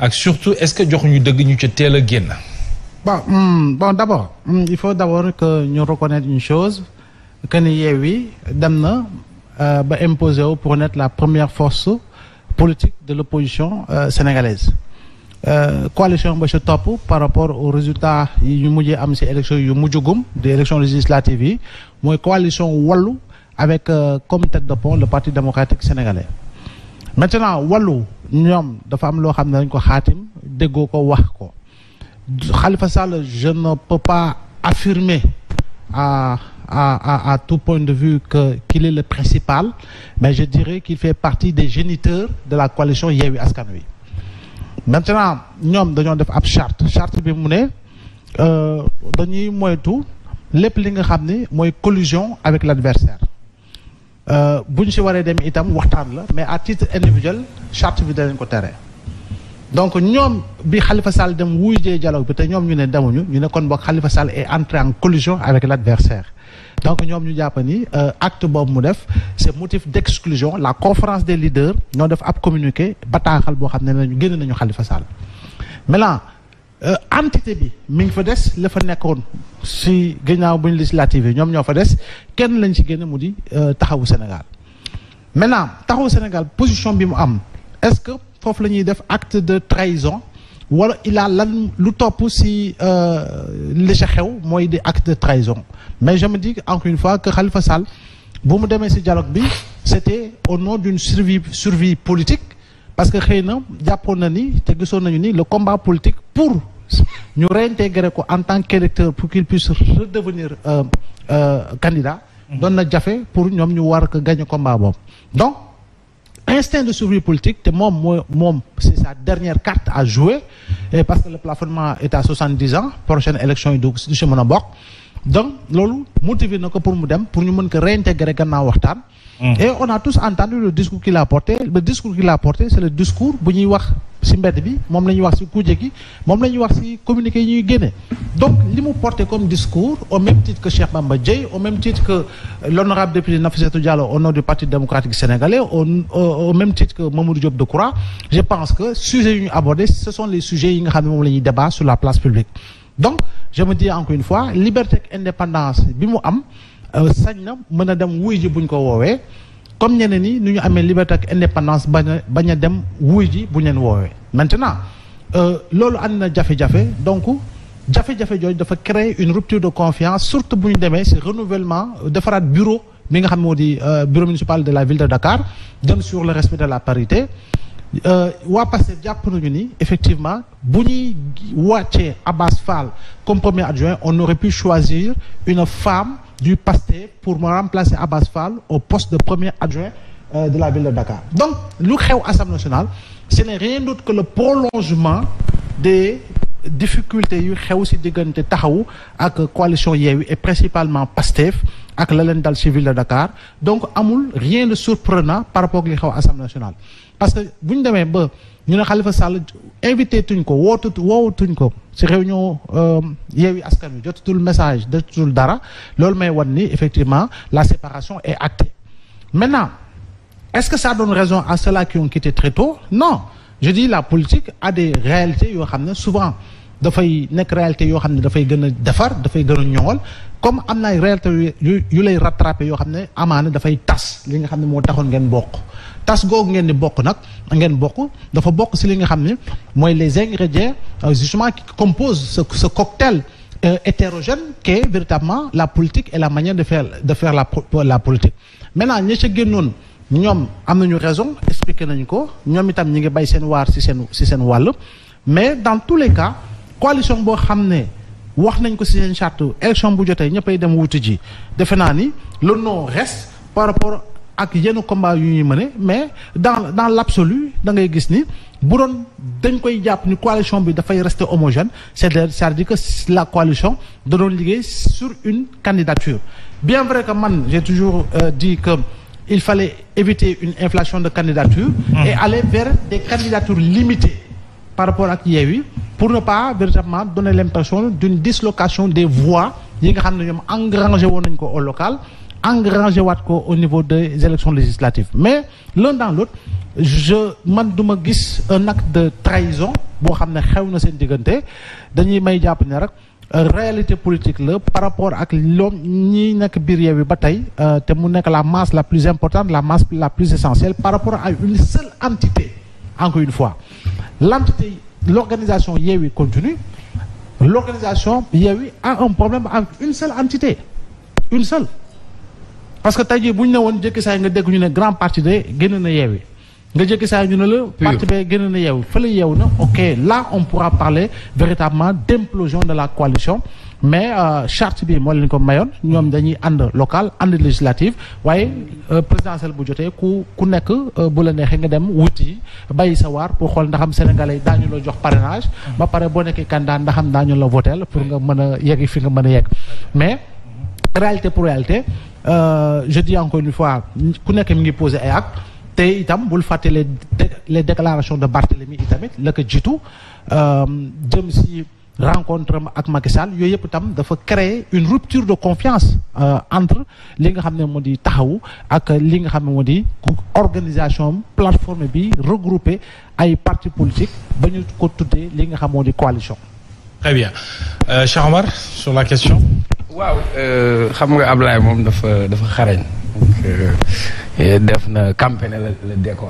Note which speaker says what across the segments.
Speaker 1: et surtout est-ce que nous devons nous ñu ci
Speaker 2: hmm, bon d'abord hmm, il faut d'abord que nous reconnaître une chose que nous avons dem imposé euh, imposer pour être la première force politique de l'opposition euh, sénégalaise. Euh, coalition ba M. par rapport au résultat du l'élection des élections législatives c'est coalition Wallou, avec euh, comme tête de pont le Parti démocratique sénégalais maintenant Wallou, ñoom dafa am loo xam dañ ko xaatim déggoo ko wax ko Khalifa Sall je ne peux pas affirmer à à à tout point de vue que qu'il est le principal mais je dirais qu'il fait partie des géniteurs de la coalition yewi Askan Wi maintenant ñoom dañoo def ab charte charte bi mu ne euh, dañuy moytu lépp li nga xam mooy collusion avec l'adversaire euh, buñ ci dem itam à charte donc bi dialogue bi Khalifa Sall est entré en collision avec l'adversaire donc ñoom ñu euh, acte motif d'exclusion la conférence des leaders ñoo def ab communiqué bataaxal boo xam ne Sall euh, entité bi mi ngi fa dess la fa nekkoon si gënaaw bu ñu législative yi ñoo fa dess kenn lañ ci génn mudi di euh, taxawu Sénégal maintenant taxawu Sénégal position bi mu am est-ce que foofu lañuy def acte de trahison wala il a lan lu topp si euh, li ca xew mooy di acte de trahison mais je me dis encore une fois que Khalifa Sall bu mu demee si dialogue bi c'était au nom d'une survie survie politique parce que xëy na jàppoon na ni te gisoon nañu ni le combat politique pour nous réintégrer en tant qu'électeur pour qu'il puisse redevenir euh, euh, candidat mhm. déjà fait, pour nous ñu war le combat donc instinct de survie politique c'est sa dernière carte à jouer parce que le plafonnement est à 70 ans prochaine élection est chez du donc motivé pour nous, pour nous réintégrer Mm-hmm. Et on a tous entendu le discours qu'il a porté. Le discours qu'il a porté, c'est le discours bu ñuy wax ci mbedd bi mom lañuy wax ci gi wax ci communiqué ñuy Donc nous avons porté comme discours au même titre que Cheikh Bamba Dièye au même titre que l'honorable député Nafissatou Diallo au nom du Parti démocratique sénégalais au, même titre que Mamadou Diop Koura, je pense que sujets abordés, abordé ce sont les sujets yi nga xamné mom lañuy débat sur la place publique donc je me dis encore une fois liberté et indépendance bi mu am. Euh, sañ na mën a dem wuy ji buñ ko wowe comme ñeneen ñi nu ñu amé liberté ak indépendance baña a dem wuy ji buñ len wowe maintenant euh, lolu and na jafé jafé donc jafé a créé dafa créer une rupture de confiance surtout bu démé ce renouvellement renouvellement des bureau mi nga xam modi euh, bureau municipal de la ville de Dakar jëm sur le respect de la parité euh, Wa Pastef passer nañu ni effectivement bu ñuy Fall comme premier adjoint on aurait pu choisir une femme du Pastef pour me remplacer Abbas Fall au poste de premier adjoint euh, de la ville de Dakar donc lu xew Assemblée nationale ce n'est rien d'autre que le prolongement des difficultés yu xew ci diggante taxaw ak coalition et principalement Pastef ak la leen dal civil de Dakar donc amul rien de surprenant par rapport ak li xaw assemblée nationale. parce que buñ nous demee ba ñu ne Khalifa Sall invité tuñ ko réunions, woowatuñ ko ci réunion euh, Yewwi Askan tout le message jotatul dara loolu may wan ni effectivement la séparation est actée maintenant est-ce que ça donne raison à ceux-là qui ont quitté très tôt non je dis la politique a des réalités yoo xam ne souvent fay nek réalité yo xamné da fay gëna défar da fay gëna a comme amna ay réalité yu lay rattraper yo xamné amana da fay tas li nga xamné mo taxone ngeen bokk tas gog ngeen ni bokk nak ngeen bokk fa bokk ci li nga xamné moy les ingrédients euh, justement qui composent ce ce cocktail euh, hétérogène qu'est véritablement la politique et la manière de faire de faire la la politique maintenant ñi ca gënnon ñom am raison expliquer nañ ko ñom itam ñi nga bay seen waar si seen si seen wàll mais dans tous les cas coalition boo xam ne wax nañ ko ci seen charte élection bu jotee ñëppay dem wuti ji le nom reste par rapport ak yenn combat yu ñuy mëne mais dans dans l'absolu da ngay gis ni bu doon dañ koy jàpp ni coalition bi dafay rester homogène c'est-à-dire que la coalition da doon liggéey sur une candidature bien vrai que man j'ai toujours euh, dit que il fallait éviter une inflation de candidature mmh. et aller vers des candidatures limitées par rapport ak eu pour ne pas véritablement donner l'impression d'une dislocation des voix yi nga au local engrangé au niveau des élections législatives mais l'un dans l'autre je man duma un acte de trahison qui xew na dañuy may réalité politique par rapport à ce ñi nak bir ba euh, la masse la plus importante la masse la plus essentielle par rapport à une seule entité encore une fois l'entité l'organisation Yewi continue, l'organisation Yewi a un problème avec une seule entité. Une seule. Parce que tu as dit, que ça a un grand parti de Yewi. nga jëkk dit ñu la parti ba de na ok là on pourra parler véritablement d'implosion de la coalition mais euh, charte bi mo leen ko sommes ñom dañuy and local and législative waaye euh, le bu joté ku nekk euh, bu la neexee nga dem wuti sa pour xol ndaxam sénégalais dañu lo jox parrainage ba que nekk candidat ndaxam dañu la votel pour nga mën yegg fi nga mais réalité pour réalité je dis encore une fois ku nekk mi ngi poser ay te itam les déclarations de Barthélemy itamit la rencontre ak Macky Sall yooyu yëpp itam dafa créer une rupture de confiance euh, entre li nga xamné modi taxaw ak li nga xamné modi organisation plateforme bi regrouper ay partis politiques ba ñu ko les li nga xamné modi coalition. très bien euh, Cheikh Omar sur la question.
Speaker 1: waaw euh, xam nga Ablaye moom dafa dafa xarañ. def na campagne le décor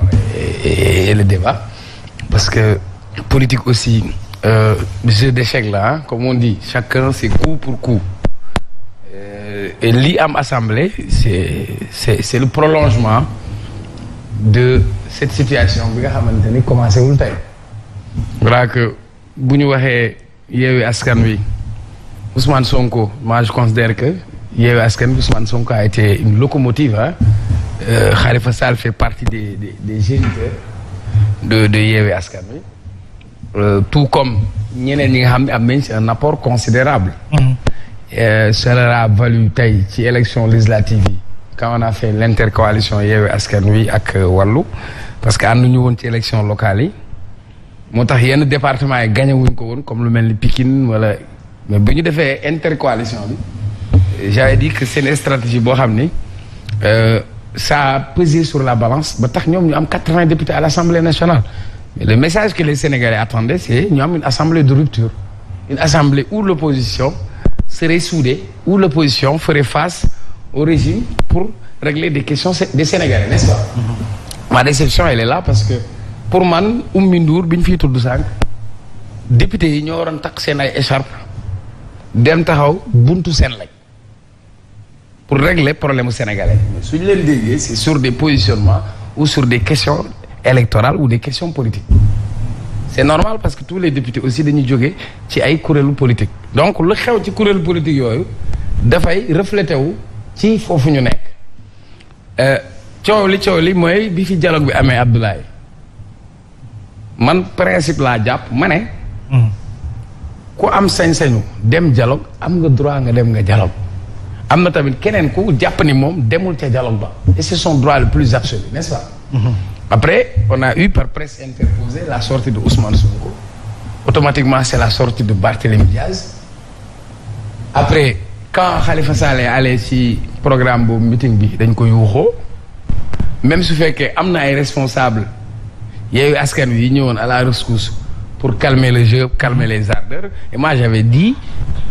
Speaker 1: et le débat parce que politique aussi euh, jeu d'échec hein, comme on dit chacun ses coups pour coup euh, et l'IAM assemblée c'est le prolongement de cette situation bi nga commencé voilà que bu ñu avez askan Ousmane Sonko moi je considère que yeewi askan Ousmane Sonko a été une locomotive hein. euh, Khalifa Sal fait partie des des des géniteurs de de yeewi euh, tout comme nous avons un apport considérable cela mm-hmm. euh, a valu tey ci élection législative quand on a fait l'intercoalition, à ce Askan Wi ak euh, wallou parce que ànduñu a une élection locale yi y a un département a gagné comme le même Pikine mais nous ñu faire intercoalition j'avais dit que c'est une stratégie pour ça a pesé sur la balance Nous avons 80 députés à l'assemblée nationale le message que les Sénégalais attendaient, c'est nous une assemblée de rupture. Une assemblée où l'opposition serait soudée, où l'opposition ferait face au régime pour régler des questions des Sénégalais, n'est-ce pas mm-hmm. Ma déception, elle est là parce que pour moi, Oumindour, Binfi Toudoussang, député, ignorant un pas de écharpe, dem buntu sen pour régler problème sénégalais. Sur c'est sur des positionnements ou sur des questions électorales ou des questions politiques. C'est normal parce que tous les députés aussi Nidjogé, qui le politique donc le politique euh, dialogue bi Amé Abdoulaye man principe là, hmm. am dialogue am droit nga dem nga dialogue am na tamit dialogue et c'est son droit le plus absolu n'est-ce pas hmm. Après, on a eu par presse interposée la sortie de Ousmane Sonko. Automatiquement, c'est la sortie de Barthélémy Diaz. Après, quand Khalifa Sall est allé le programme pour meeting bi de ko même si fait que amna est responsable eu askan wi union à la rescousse pour calmer le jeu, calmer les ardeurs. Et moi, j'avais dit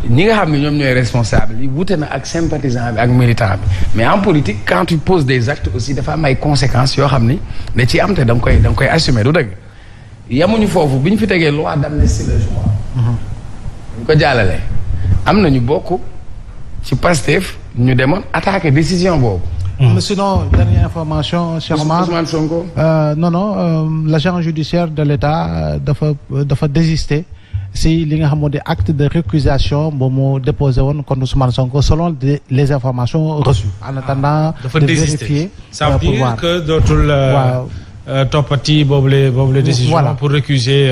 Speaker 1: ni nga xamni ñom ñoy responsable yi wute na ak sympathisant bi ak militant bi mais en politique quand tu poses des actes aussi dafa am ay conséquences yo xamni ni da ciy am té dang koy dang koy assumer du dëgg yamuñu Fofu. bi fi tégué loi d'amnistie le juin ñu ko jallalé am na ñu bokk ci Pastef ñu démon attaquer décision bobu mm. mais sinon dernière
Speaker 2: information. cher Omar Ousmane Sonko. Euh, non non euh, l'agent judiciaire de l'État euh, dafa dafa désister si li nga a un acte de récusation momo déposé won contre Ousmane Sonko selon les informations reçues en ah, attendant de vérifier ça veut euh, dire que dootul euh, euh, waaw toppati boobu les boobu des décisions pour récuser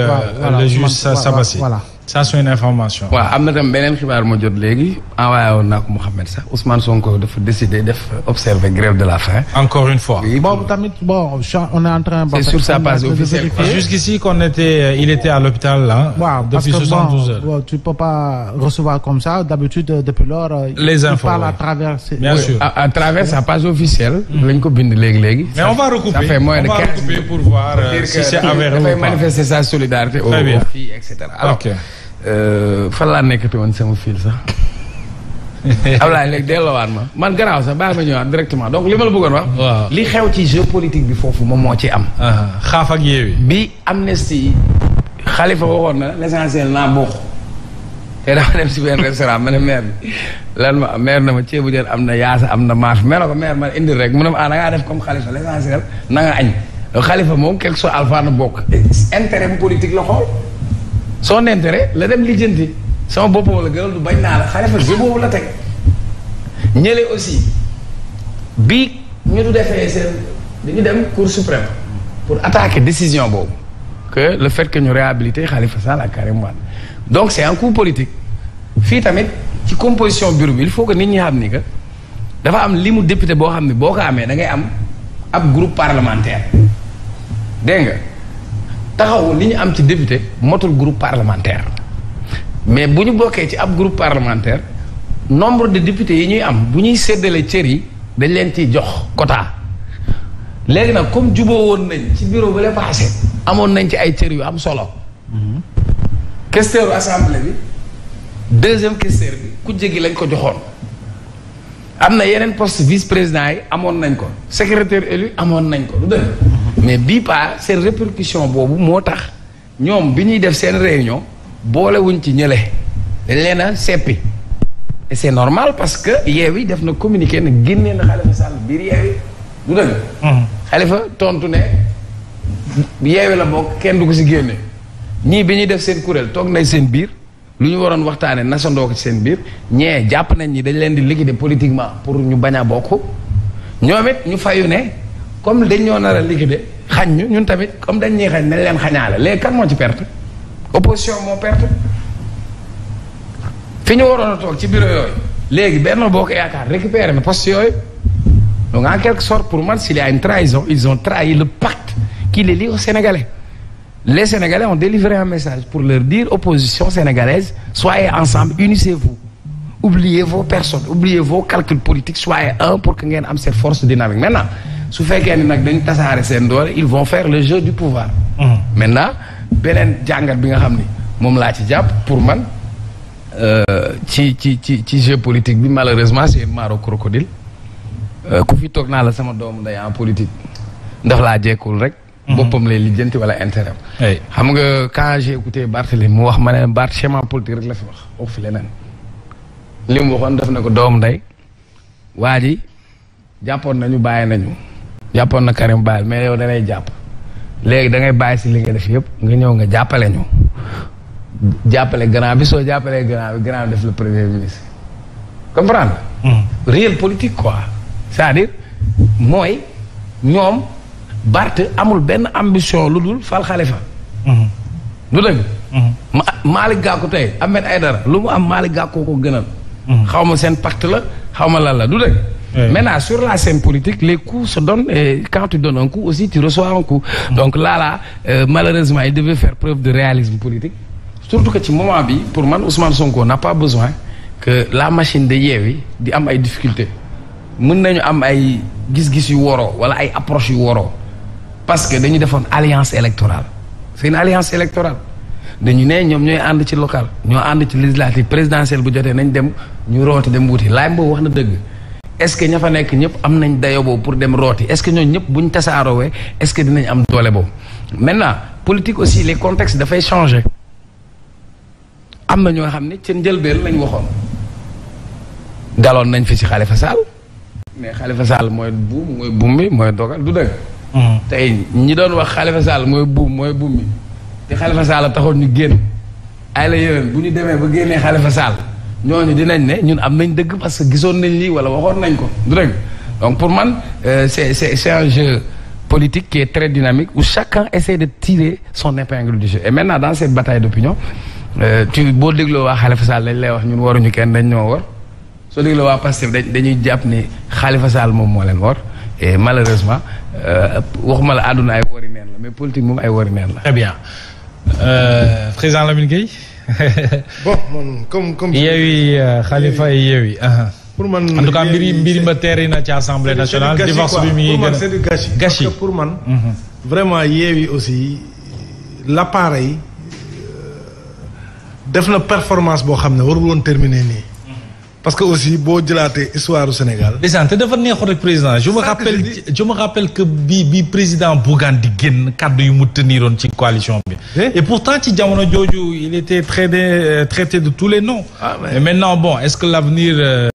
Speaker 2: le juge Sabassi voilà ça c'est une information.
Speaker 1: waaw amna tam benen xibar ma jot legui envoyé on nak ko sax Ousmane Sonko dafa décidé def observer grève de la faim. encore une fois.
Speaker 2: Bon, tamit bon on est en train. c'est sur sa page officielle. jusqu'ici qu'on était euh, il était à l'hôpital là. depuis 72 heures. tu peux pas recevoir comme ça d'habitude euh, depuis lors. Euh, les infos parle à travers. bien sûr
Speaker 1: à travers sa page officielle. Mm. lañ ko bind léegi léegi. mais on va recouper ça fait moins de 15 on va recouper pour voir si c'est avéré ou pas. manifester sa solidarité. très bien au profit et cetera Euh, fan laa nekkati woon sama fil sax Ablaye léegi delloowaat ma man gannaaw sax bàyyi ma ñëwaat directement donc li ma la bëggoon wax. li xew ci géopolitique bi foofu moom moo ci am. Ah, xaaf ak yeewi. bi amnistie xalifa waxoon na l'essentiel naa bokk. te dama dem si benn restaurant ma ne maire ma maire na ma ceebu jën am na yaasa am na maaf mel na ko maire man indi rek mu ne ma ah da ngaa def comme xalifa l'essentiel na añ xalifa moom quelque soit alpha na bokk. intérêt bu son intérêt la dem lijjanti sama bop wala geul du bañ naa la xalifa bi boobu la teg ñele aussi bi ñu du defee seen dañu dem cour suprême pour attaquer décision bobu que le fait que ñu réhabiliter Khalifa Sall ak Karim donc c'est un coup politique fi tamit ci composition bureau bi il faut que nit ñi xam ni que dafa am limu député boo xam ni boo ko amee da ngay am ab groupe parlementaire dégg nga taxawu li ñu am ci député motul groupe parlementaire mais bu ñu bokkee ci ab groupe parlementaire nombre de députés yi ñuy am bu ñuy séddale cër yi dañ leen ci jox quota léegi nag comme juboo woon nañ ci bureau ba la passé amoon nañ ci ay cër yu am solo questeur assemblée bi deuxième questeur bi ku jégi lañ ko joxoon am na yeneen poste vice président yi amoon nañ ko secrétaire élu amoon nañ ko du dëgg mais bii pas seen répercussion boobu moo tax ñoom bi ñuy def seen réunion boolewuñ ci ñële dañ leen a seppi et c' est normal parce que Yewwi def na communiqué nag génnee na Khalifa Sall biir Yewwi du dëgg Khalifa tontu ne Yewwi la bokk kenn du ko si génne ñii bi ñuy def seen kuréel toog nañ seen biir lu ñu waroon waxtaane nasandoo ko ci seen biir ñee jàpp nañ ni dañ leen di liquider politiquement pour ñu bañ a bokk ñoom ñu fayu ne comme dañ ñoo nar a liquider xañ ñu ñun tamit comme dañ ñuy xañ nañ leen xañaale léegi kan moo ci perte opposition moo perte fi ñu waroon a toog ci bureau yooyu léegi benn boo ko yaakaar récupérer mais poste yooyu donc en quelque sorte pour moi s'il y a une trahison ils ont trahi le pacte qui les lie aux Sénégalais les Sénégalais ont délivré un message pour leur dire opposition sénégalaise soyez ensemble unissez-vous oubliez vos personnes oubliez vos calculs politiques soyez un pour que ngeen am cette force dynamique maintenant su fekkee ni dañ tasaare seen doole ils vont faire le jeu du pouvoir. Hmm. maintenant benen jàngat bi nga xamni mom la ci japp pour man euh, ci ci ci ci jeu politique bi malheureusement c'est maro crocodile euh, ku fi tok na la sama dom nday en politique ndax la jekkul rek. Hmm. bopam lay lijjanti wala intérêt xam nga quand j'ai écouté Barthélémy mu wax ma ne schéma politique rek la fi wax wax fi leneen lim mu def na ko nday waa ji nañu bàyyi nañu. jàppoon na Karim Baye mais yow da ngay jàpp léegi dangay ngay bàyyi si li nga def yëpp nga ñëw nga jàppale ñu jàppale grand bi soo jàppalee grand bi grand bi def le premier ministre comprendre hmm. réel politique quoi cest à mooy ñoom Barth amul benn ambition lu dul fal Khalifa du hmm. dëgg hmm. ma Malick Gakou tey Ahmed Aïdara lu mu am Malick Gakou ko gënal xaw ma seen pacte la xaw ma lan la du dëgg Maintenant, sur la scène politique, les coups se donnent et quand tu donnes un coup aussi, tu reçois un coup. Mm. Donc là, là, euh, malheureusement, il devait faire preuve de réalisme politique. Surtout que tu moment pour moi, Ousmane Sonko n'a pas besoin que la machine de Yévi ait des difficultés mën a am ay gis-gis yu woroo approches parce que dañu une alliance électorale c'est une alliance électorale dañu ne ñoom ñooy ànd ci local Nous un ci législative présidentielle nous nous nañ dem ñu roote dem est-ce que ña fa nekk ñëpp am nañ dayo bo pour dem roti est-ce que ñooñu ñep buñ ñu tasaaroowee est-ce que dinañ am doole bo maintenant politique aussi les contextes da fay changer am na ñoo xam ci ndjelbel lañ waxon daloon nañ fi ci Khalifa Sall mais Khalifa Sall moy buum moy buum moy dogal du dëgg hmm. tay ñi doon wax Khalifa Sall moy buum moy boumi mi te Khalifa Sall taxon ñu génn ay la yéwén bu ñu ba génnee Khalifa Sall ñooñu dinañ ne ñun am nañ dëgg parce que gisoon nañ lii wala waxoon nañ ko du dëgg donc pour man euh, c'est c'est un jeu politique qui est très dynamique où chacun essaie de tirer son épingle du jeu et maintenant dans cette bataille d'opinion euh, tu boo dégloo waa Khalifa Sall lañ lay wax ñun waruñu kenn dañ ñoo war soo dégloo waa Pastef dañuy jàpp ni Khalifa Sall moom moo leen war et malheureusement euh, waxuma la àdduna ay wari neen la mais politique moom ay wari neen la. très bien président Lamine Gueye bon man comme comme. yeewi yi yeewi. pour man en tout cas mbiri mbiri ma teeri ci assemblée nationale. divorce bi muy gën a c'est du pour man. Mm-hmm. vraiment yeewi aussi yi euh, def na performance boo xam ne warul woon nii. parce que aussi boo dilaté histoire du Sénégal.
Speaker 2: déjà te dafa neexoon le président je me rappelle je me rappelle que bi bi président Bougane di cadre kàddu yu mu ci coalition bi. Eh? et pourtant ci jamono
Speaker 1: Jojo, il était traité euh, traité de tous les noms. Et ah, maintenant bon est-ce que l'avenir euh,